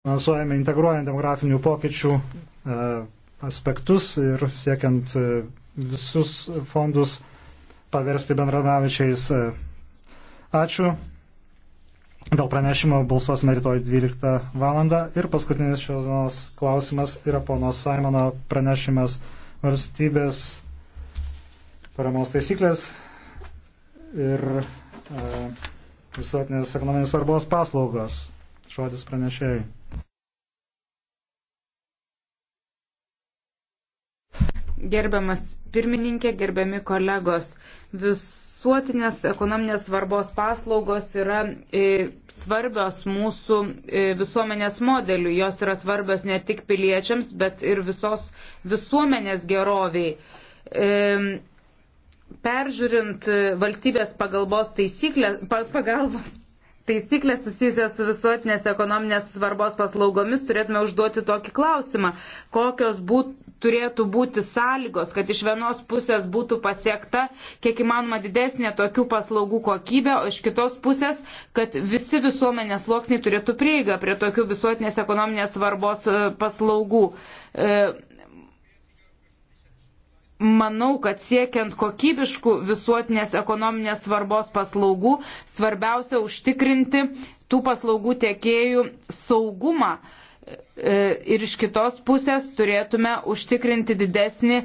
finansuojame integruojant demografinių pokyčių e, aspektus ir siekiant e, visus fondus paversti bendradavičiais. E. Ačiū. Dėl pranešimo balsuosime rytoj 12 val. Ir paskutinis šios dienos klausimas yra pono Simono pranešimas valstybės paramos taisyklės ir e, visuotinės ekonominės svarbos paslaugos. Žodis pranešėjai. Gerbiamas pirmininkė, gerbiami kolegos, visuotinės ekonominės svarbos paslaugos yra e, svarbios mūsų e, visuomenės modeliu. Jos yra svarbios ne tik piliečiams, bet ir visos visuomenės geroviai. E, peržiūrint valstybės pagalbos taisyklės, pagalbos taisyklės susijusios su visuotinės ekonominės svarbos paslaugomis turėtume užduoti tokį klausimą, kokios būt, turėtų būti sąlygos, kad iš vienos pusės būtų pasiekta kiek įmanoma didesnė tokių paslaugų kokybė, o iš kitos pusės, kad visi visuomenės sluoksniai turėtų prieigą prie tokių visuotinės ekonominės svarbos e, paslaugų. E, manau, kad siekiant kokybiškų visuotinės ekonominės svarbos paslaugų, svarbiausia užtikrinti tų paslaugų tiekėjų saugumą. E, ir iš kitos pusės turėtume užtikrinti didesnį e,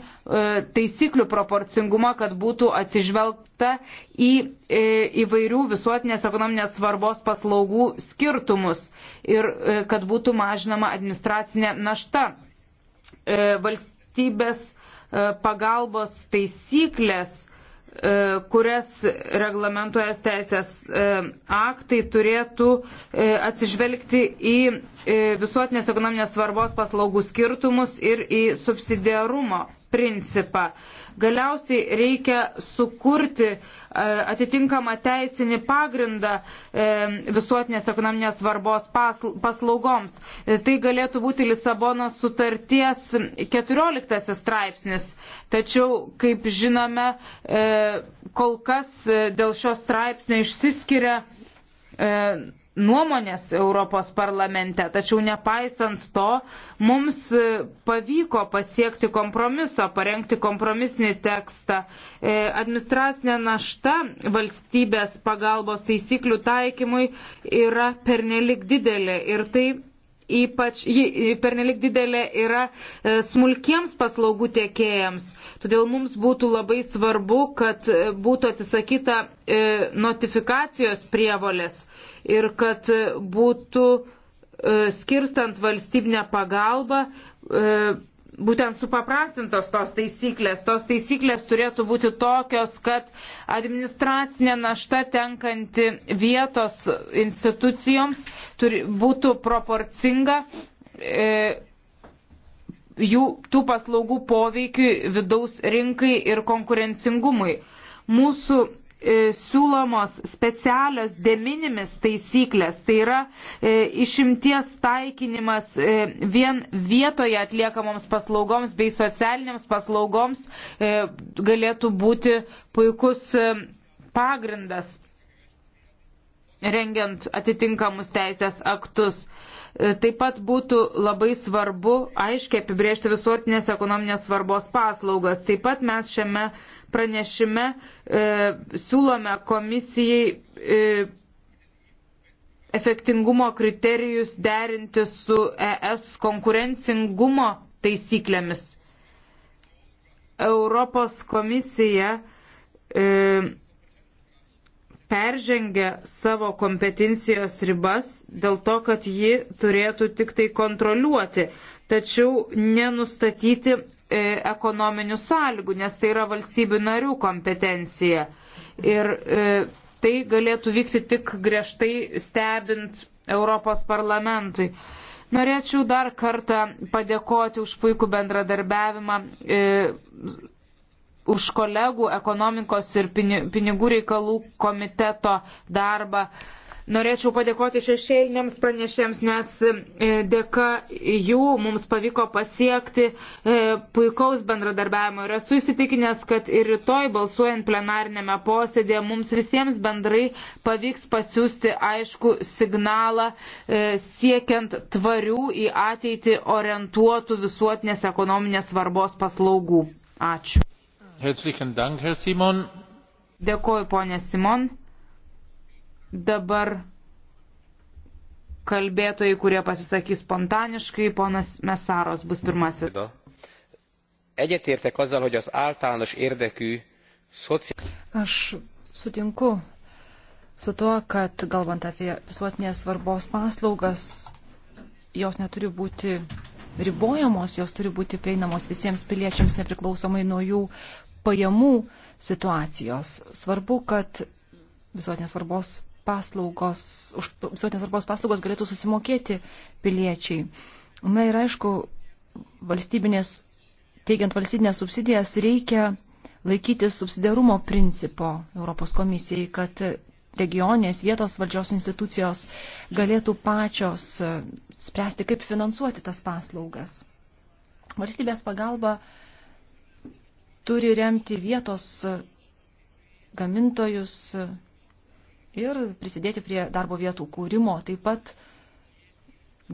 taisyklių proporcingumą, kad būtų atsižvelgta į e, įvairių visuotinės ekonominės svarbos paslaugų skirtumus ir kad būtų mažinama administracinė našta. Valstybės E, pagalbos taisyklės, e, kurias reglamentuojas teisės e, aktai turėtų atsižvelgti į visuotinės ekonominės svarbos paslaugų skirtumus ir į subsidiarumo principą. Galiausiai reikia sukurti atitinkamą teisinį pagrindą e, visuotinės ekonominės svarbos paslaugoms. E, tai galėtų būti Lisabono sutarties 14 straipsnis. Tačiau, kaip žinome, e, kol kas dėl šio straipsnio išsiskiria nuomonės Europos parlamente, tačiau nepaisant to, mums pavyko pasiekti kompromiso, parengti kompromisinį tekstą. E, administracinė našta valstybės pagalbos taisyklių taikymui yra pernelik didelė ir tai ypač ji pernelik didelė yra e, smulkiems paslaugų tiekėjams. Todėl mums būtų labai svarbu, kad e, būtų atsisakyta e, notifikacijos prievolės ir kad būtų skirstant valstybinę pagalbą būtent supaprastintos tos taisyklės. Tos taisyklės turėtų būti tokios, kad administracinė našta tenkanti vietos institucijoms turi, būtų proporcinga. E, jų tų paslaugų poveikiui vidaus rinkai ir konkurencingumui. Mūsų E, siūlomos specialios deminimis taisyklės, tai yra e, išimties taikinimas e, vien vietoje atliekamoms paslaugoms bei socialinėms paslaugoms galėtų būti puikus pagrindas rengiant atitinkamus teisės aktus. E, taip pat būtų labai svarbu aiškiai apibriežti visuotinės ekonominės svarbos paslaugas. Taip pat mes šiame pranešime e, siūlome komisijai e, efektingumo kriterijus derinti su ES konkurencingumo taisyklėmis. Europos komisija e, peržengia savo kompetencijos ribas dėl to, kad ji turėtų tik tai kontroliuoti, tačiau nenustatyti e, ekonominių sąlygų, nes tai yra valstybių narių kompetencija. Ir e, tai galėtų vykti tik griežtai stebint Europos parlamentui. Norėčiau dar kartą padėkoti už puikų bendradarbiavimą e, už kolegų ekonomikos ir pinigų reikalų komiteto darbą. Norėčiau padėkoti šešėliniams pranešėms, nes e, dėka jų mums pavyko pasiekti e, puikaus bendradarbiavimo. Ir esu įsitikinęs, kad ir rytoj balsuojant plenarinėme posėdėje mums visiems bendrai pavyks pasiūsti aišku signalą e, siekiant tvarių į ateitį orientuotų visuotinės ekonominės svarbos paslaugų. Ačiū. Herzlichen Dank, Herr Simon. Dėkuoju, ponė Simon. Dabar kalbėtojai, kurie pasisakys spontaniškai, ponas Mesaros bus pirmasis. Egyetértek azzal, hogy az általános érdekű Aš sutinku su tuo, kad galvant apie visuotinės svarbos paslaugas, jos neturi būti ribojamos, jos turi būti prieinamos visiems piliečiams nepriklausomai nuo jų pajamų situacijos. Svarbu, kad visuotinės svarbos paslaugos, už visuotinės svarbos paslaugos galėtų susimokėti piliečiai. Na ir aišku, valstybinės, teigiant valstybinės subsidijas, reikia laikytis subsidiarumo principo Europos komisijai, kad regionės vietos valdžios institucijos galėtų pačios e, spręsti, kaip finansuoti tas paslaugas. Valstybės pagalba uh, turi remti vietos gamintojus ir prisidėti prie darbo vietų kūrimo, taip pat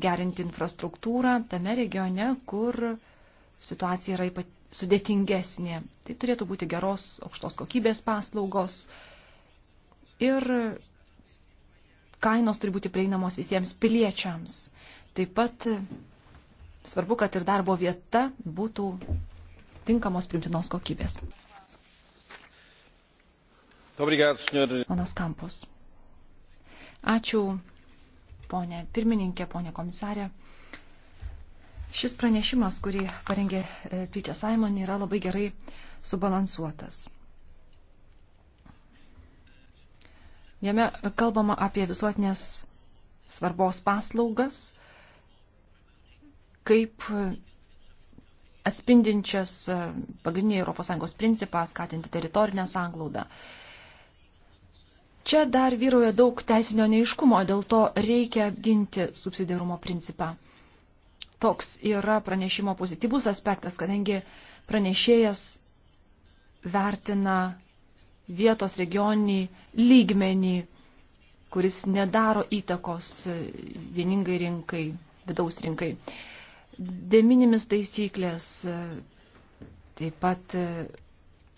gerinti infrastruktūrą tame regione, kur situacija yra ypat sudėtingesnė. Tai turėtų būti geros, aukštos kokybės paslaugos ir kainos turi būti prieinamos visiems piliečiams. Taip pat svarbu, kad ir darbo vieta būtų tinkamos primtinos kokybės. Ponas Kampus. Ačiū, ponė pirmininkė, ponė komisarė. Šis pranešimas, kurį parengė e, Pytė Simon, yra labai gerai subalansuotas. Jame kalbama apie visuotinės svarbos paslaugas, kaip atspindinčias e, pagrindinį ES principą skatinti teritorinę sanglaudą. Čia dar vyroja daug teisinio neiškumo, dėl to reikia apginti subsidiarumo principą. Toks yra pranešimo pozityvus aspektas, kadangi pranešėjas vertina vietos regioninį lygmenį, kuris nedaro įtakos vieningai rinkai, vidaus rinkai. Uh, Deminimis taisyklės e, taip pat e,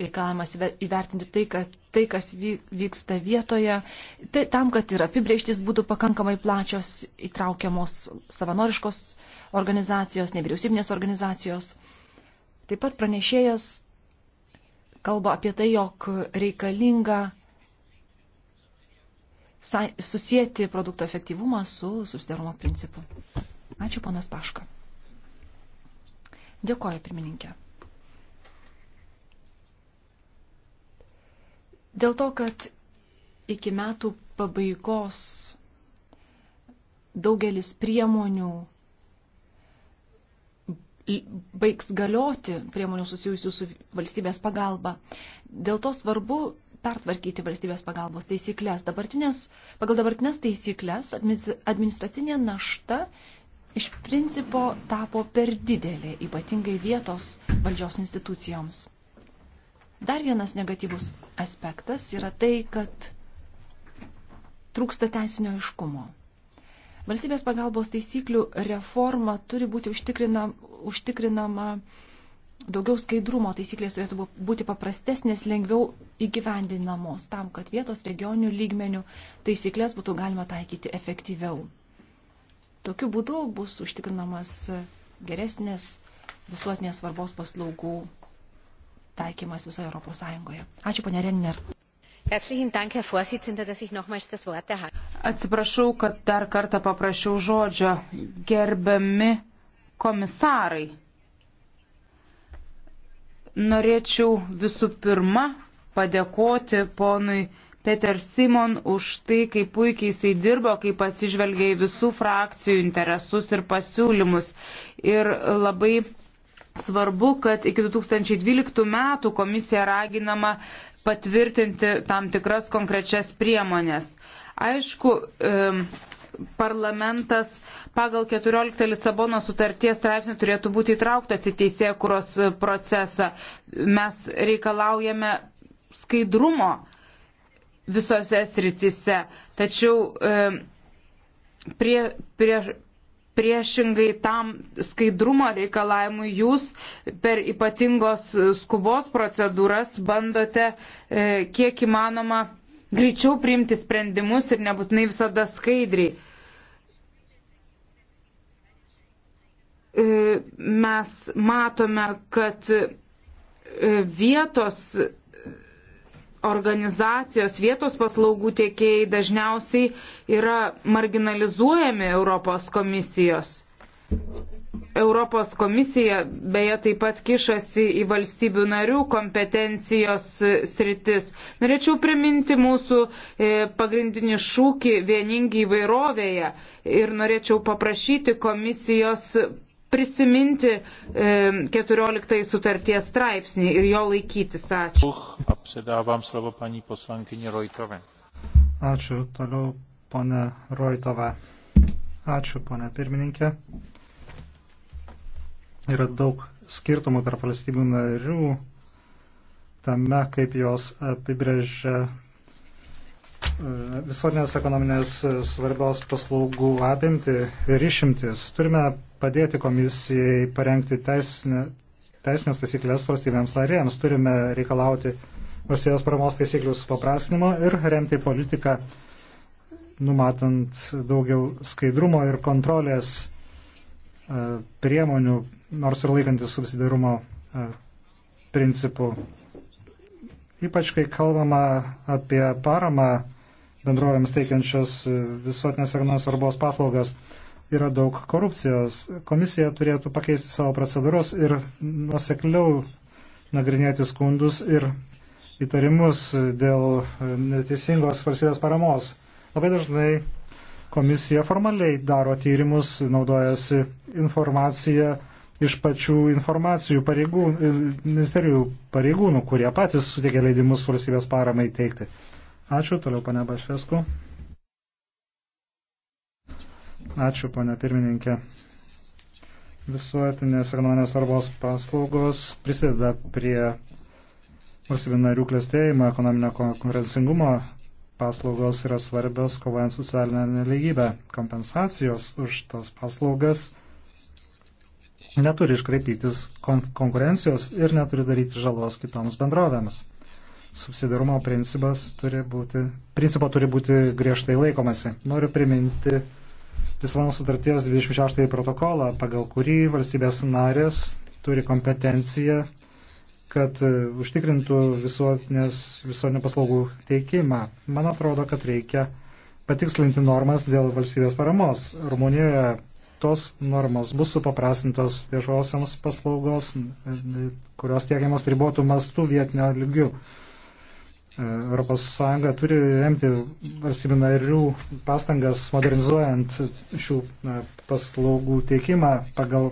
reikalavimas įvertinti tai, kad, tai kas vyksta vietoje, tai, tam, kad ir apibrieštys būtų pakankamai plačios, įtraukiamos savanoriškos organizacijos, nevyriausybinės organizacijos. Taip pat pranešėjas kalba apie tai, jog reikalinga susijęti produkto efektyvumą su susidarumo principu. Ačiū, ponas Paška. Dėkoju, pirmininkė. Dėl to, kad iki metų pabaigos daugelis priemonių baigs galioti, priemonių susijusių su valstybės pagalba. Dėl to svarbu pertvarkyti valstybės pagalbos taisyklės. Dabartinės, pagal dabartinės taisyklės administracinė našta iš principo tapo per didelė, ypatingai vietos valdžios institucijoms. Dar vienas negatyvus aspektas yra tai, kad trūksta teisinio iškumo. Valstybės pagalbos taisyklių reforma turi būti užtikrina, užtikrinama daugiau skaidrumo, taisyklės turėtų būti paprastesnės, lengviau įgyvendinamos tam, kad vietos regioninių lygmenių taisyklės būtų galima taikyti efektyviau. Tokiu būdu bus užtikrinamas geresnės visuotinės svarbos paslaugų taikymas visoje Europos Sąjungoje. Ačiū, ponė Renner. Atsiprašau, kad dar kartą paprašiau žodžio. Gerbiami komisarai, norėčiau visų pirma padėkoti ponui Peter Simon už tai, kaip puikiai jisai dirbo, kaip atsižvelgia į visų frakcijų interesus ir pasiūlymus. Ir labai svarbu, kad iki 2012 metų komisija raginama patvirtinti tam tikras konkrečias priemonės. Aišku, parlamentas pagal 14 Lisabono sutarties straipsnį turėtų būti įtrauktas į teisėkuros procesą. Mes reikalaujame skaidrumo visose sritise. Tačiau prie, prie, priešingai tam skaidrumo reikalavimui jūs per ypatingos skubos procedūras bandote e, kiek įmanoma greičiau priimti sprendimus ir nebūtinai visada skaidriai. E, mes matome, kad e, vietos organizacijos, vietos paslaugų tiekėjai dažniausiai yra marginalizuojami Europos komisijos. Europos komisija beje taip pat kišasi į valstybių narių kompetencijos sritis. Norėčiau priminti mūsų e, pagrindinį šūkį vieningi įvairovėje ir norėčiau paprašyti komisijos prisiminti e, 14 sutarties straipsnį ir jo laikytis. Ačiū. Apsidavam savo panį poslankinį Roitovę. Ačiū. Toliau ponė Roitovė. Ačiū, ponė pirmininkė. Yra daug skirtumų tarp valstybių narių tame, kaip jos apibrėžia e, visuotinės ekonominės e, svarbios paslaugų apimti ir išimtis. Turime padėti komisijai parengti teisinę, teisinės taisyklės valstybėms narėms. Turime reikalauti valstybės paramos taisyklių supaprastinimo ir remti politiką, numatant daugiau skaidrumo ir kontrolės e, priemonių, nors ir laikantis subsidarumo e, principų. Ypač kai kalbama apie paramą bendrovėms teikiančios e, visuotinės ir nesvarbos paslaugas yra daug korupcijos. Komisija turėtų pakeisti savo procedūros ir nusekliau nagrinėti skundus ir įtarimus dėl neteisingos valstybės paramos. Labai dažnai komisija formaliai daro tyrimus, naudojasi informaciją iš pačių informacijų pareigų, ministerijų pareigūnų, kurie patys suteikia leidimus valstybės paramai teikti. Ačiū, toliau pane Bašvesku. Ačiū, ponia pirmininkė. Visuotinės ekonominės svarbos paslaugos prisideda prie valstybių narių klėstėjimo, ekonominio konkurencingumo. Paslaugos yra svarbios kovojant socialinę neligybę. Kompensacijos už tas paslaugas neturi iškraipytis kon konkurencijos ir neturi daryti žalos kitoms bendrovėms. Subsidarumo principas turi būti, principo turi būti griežtai laikomasi. Noriu priminti Lisabono sutarties 26 protokolą, pagal kurį valstybės narės turi kompetenciją, kad e, užtikrintų visuotinės, visuotinio paslaugų teikimą. Man atrodo, kad reikia patikslinti normas dėl valstybės paramos. Rumunijoje tos normos bus supaprastintos viešosiams paslaugos, kurios tiekiamos ribotų mastų vietinio lygių. ES turi remti valstybių narių pastangas modernizuojant šių paslaugų teikimą pagal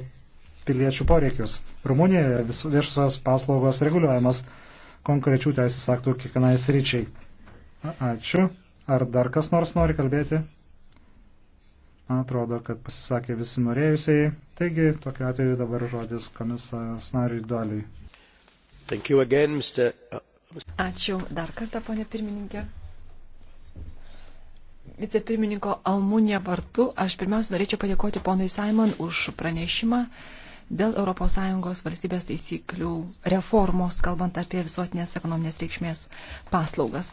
piliečių poreikius. Rumunijoje viešosios paslaugos reguliuojamas konkrečių teisės aktų kiekvienai sryčiai. Ačiū. Ar dar kas nors nori kalbėti? Man atrodo, kad pasisakė visi norėjusiai. Taigi, tokiu atveju dabar žodis komisaras nariui Daliui. Thank you again, Mr. Ačiū dar kartą, ponė pirmininkė. Vicepirmininko Almūnė vartu, aš pirmiausia norėčiau padėkoti ponui Simon už pranešimą dėl ES valstybės taisyklių reformos, kalbant apie visuotinės ekonominės reikšmės paslaugas.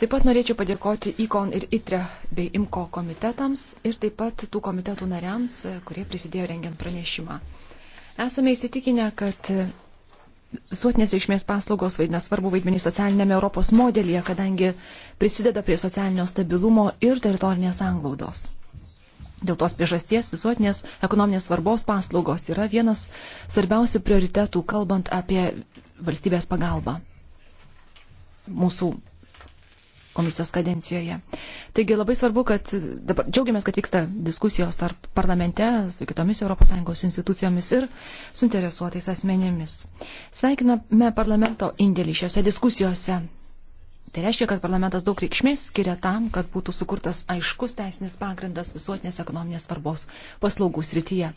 Taip pat norėčiau padėkoti ICON ir ITRE bei IMCO komitetams ir taip pat tų komitetų nariams, kurie prisidėjo rengiant pranešimą. Esame įsitikinę, kad visuotinės reikšmės paslaugos vaidina svarbu vaidmenį socialinėme Europos modelyje, kadangi prisideda prie socialinio stabilumo ir teritorinės anglaudos. Dėl tos priežasties visuotinės ekonominės svarbos paslaugos yra vienas svarbiausių prioritetų, kalbant apie valstybės pagalbą. Mūsų komisijos kadencijoje. Taigi labai svarbu, kad dabar džiaugiamės, kad vyksta diskusijos tarp parlamente su kitomis ES institucijomis ir suinteresuotais asmenėmis. Sveikiname parlamento indėlį šiuose diskusijose. Tai reiškia, kad parlamentas daug reikšmės skiria tam, kad būtų sukurtas aiškus teisinis pagrindas visuotinės ekonominės svarbos paslaugų srityje.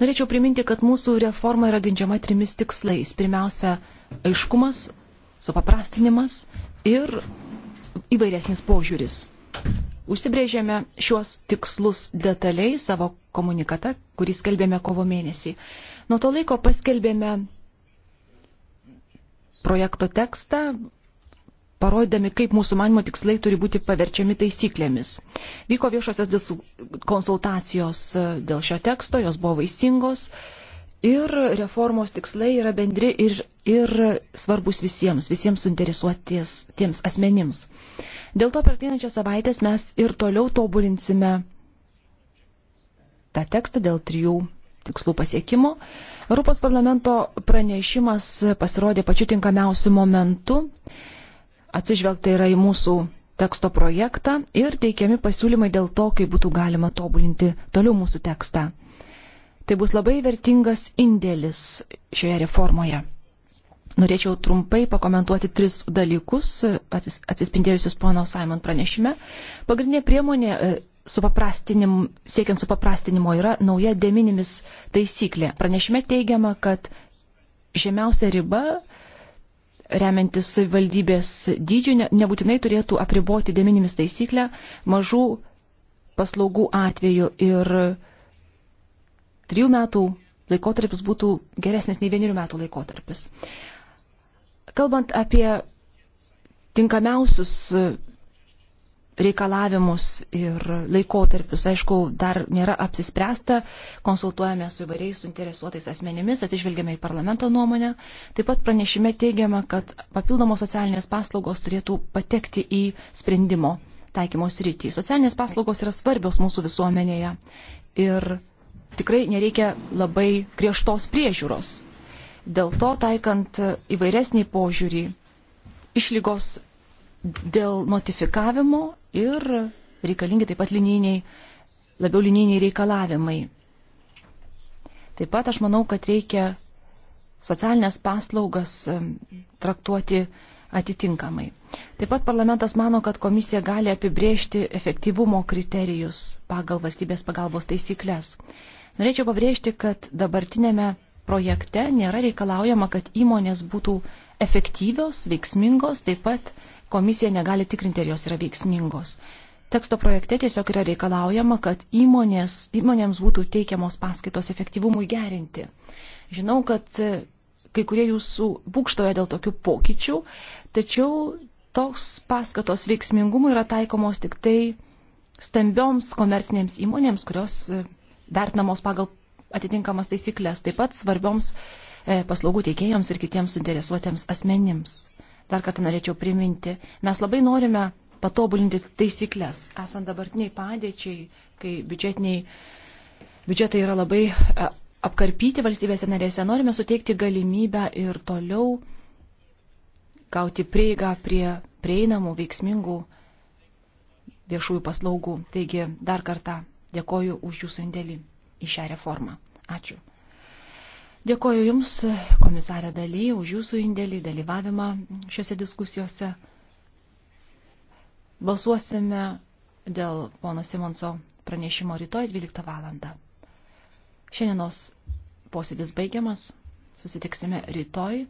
Norėčiau priminti, kad mūsų reforma yra grindžiama trimis tikslais. Pirmiausia, aiškumas, supaprastinimas ir įvairesnis požiūris. Užsibrėžėme šiuos tikslus detaliai savo komunikate, kurį skelbėme kovo mėnesį. Nuo to laiko paskelbėme projekto tekstą, parodami, kaip mūsų manimo tikslai turi būti paverčiami taisyklėmis. Vyko viešosios konsultacijos e, dėl šio teksto, jos buvo vaisingos ir reformos tikslai yra bendri ir ir svarbus visiems, visiems suinteresuotiems tiems asmenims. Dėl to per ateinančią savaitę mes ir toliau tobulinsime tą tekstą dėl trijų tikslų pasiekimo. Europos parlamento pranešimas pasirodė pačiu tinkamiausiu momentu. Atsižvelgta yra į mūsų teksto projektą ir teikiami pasiūlymai dėl to, kaip būtų galima tobulinti toliau mūsų tekstą. Tai bus labai vertingas indėlis šioje reformoje. Norėčiau trumpai pakomentuoti tris dalykus atsis, atsispindėjusius pono Simon pranešime. Pagrindinė priemonė e, supaprastinim, siekiant supaprastinimo yra nauja deminimis taisyklė. Pranešime teigiama, kad žemiausia riba remiantis valdybės dydžiu ne, nebūtinai turėtų apriboti deminimis taisyklę mažų paslaugų atveju ir trijų metų laikotarpis būtų geresnis nei vienerių metų laikotarpis. Kalbant apie tinkamiausius e, reikalavimus ir laikotarpius. Aišku, dar nėra apsispręsta, konsultuojame su įvairiais suinteresuotais asmenimis, atsižvelgiame į parlamento nuomonę. Taip pat pranešime teigiama, kad papildomos socialinės paslaugos turėtų patekti į sprendimo taikymo sritį. Socialinės paslaugos yra svarbios mūsų visuomenėje ir tikrai nereikia labai griežtos priežiūros Dėl to, taikant įvairesnį požiūrį, išlygos dėl notifikavimo ir reikalingi taip pat linijiniai, labiau linijiniai reikalavimai. Taip pat aš manau, kad reikia socialinės paslaugas traktuoti atitinkamai. Taip pat parlamentas mano, kad komisija gali apibriežti efektyvumo kriterijus pagal valstybės pagalbos taisyklės. Norėčiau pabrėžti, kad dabartinėme projekte nėra reikalaujama, kad įmonės būtų efektyvios, veiksmingos, taip pat komisija negali tikrinti, ar jos yra veiksmingos. Teksto projekte tiesiog yra reikalaujama, kad įmonės, įmonėms būtų teikiamos paskaitos efektyvumui gerinti. Žinau, kad e, kai kurie jūsų būkštoja dėl tokių pokyčių, tačiau toks paskatos veiksmingumui yra taikomos tik tai stambioms komercinėms įmonėms, kurios e, vertinamos pagal atitinkamas taisyklės, taip pat svarbioms e, paslaugų teikėjams ir kitiems suinteresuotiems asmenims. Dar kartą norėčiau priminti, mes labai norime patobulinti taisyklės, esant dabartiniai padėčiai, kai biudžetiniai, biudžetai yra labai e, apkarpyti valstybėse narėse, norime suteikti galimybę ir toliau gauti prieigą prie prieinamų, veiksmingų viešųjų paslaugų. Taigi dar kartą dėkoju už jūsų indėlį į šią reformą. Ačiū. Dėkoju Jums, komisarė Daly, už Jūsų indėlį, dalyvavimą šiuose diskusijose. Balsuosime dėl pono Simonso pranešimo rytoj 12 val. Šiandienos posėdis baigiamas, susitiksime rytoj.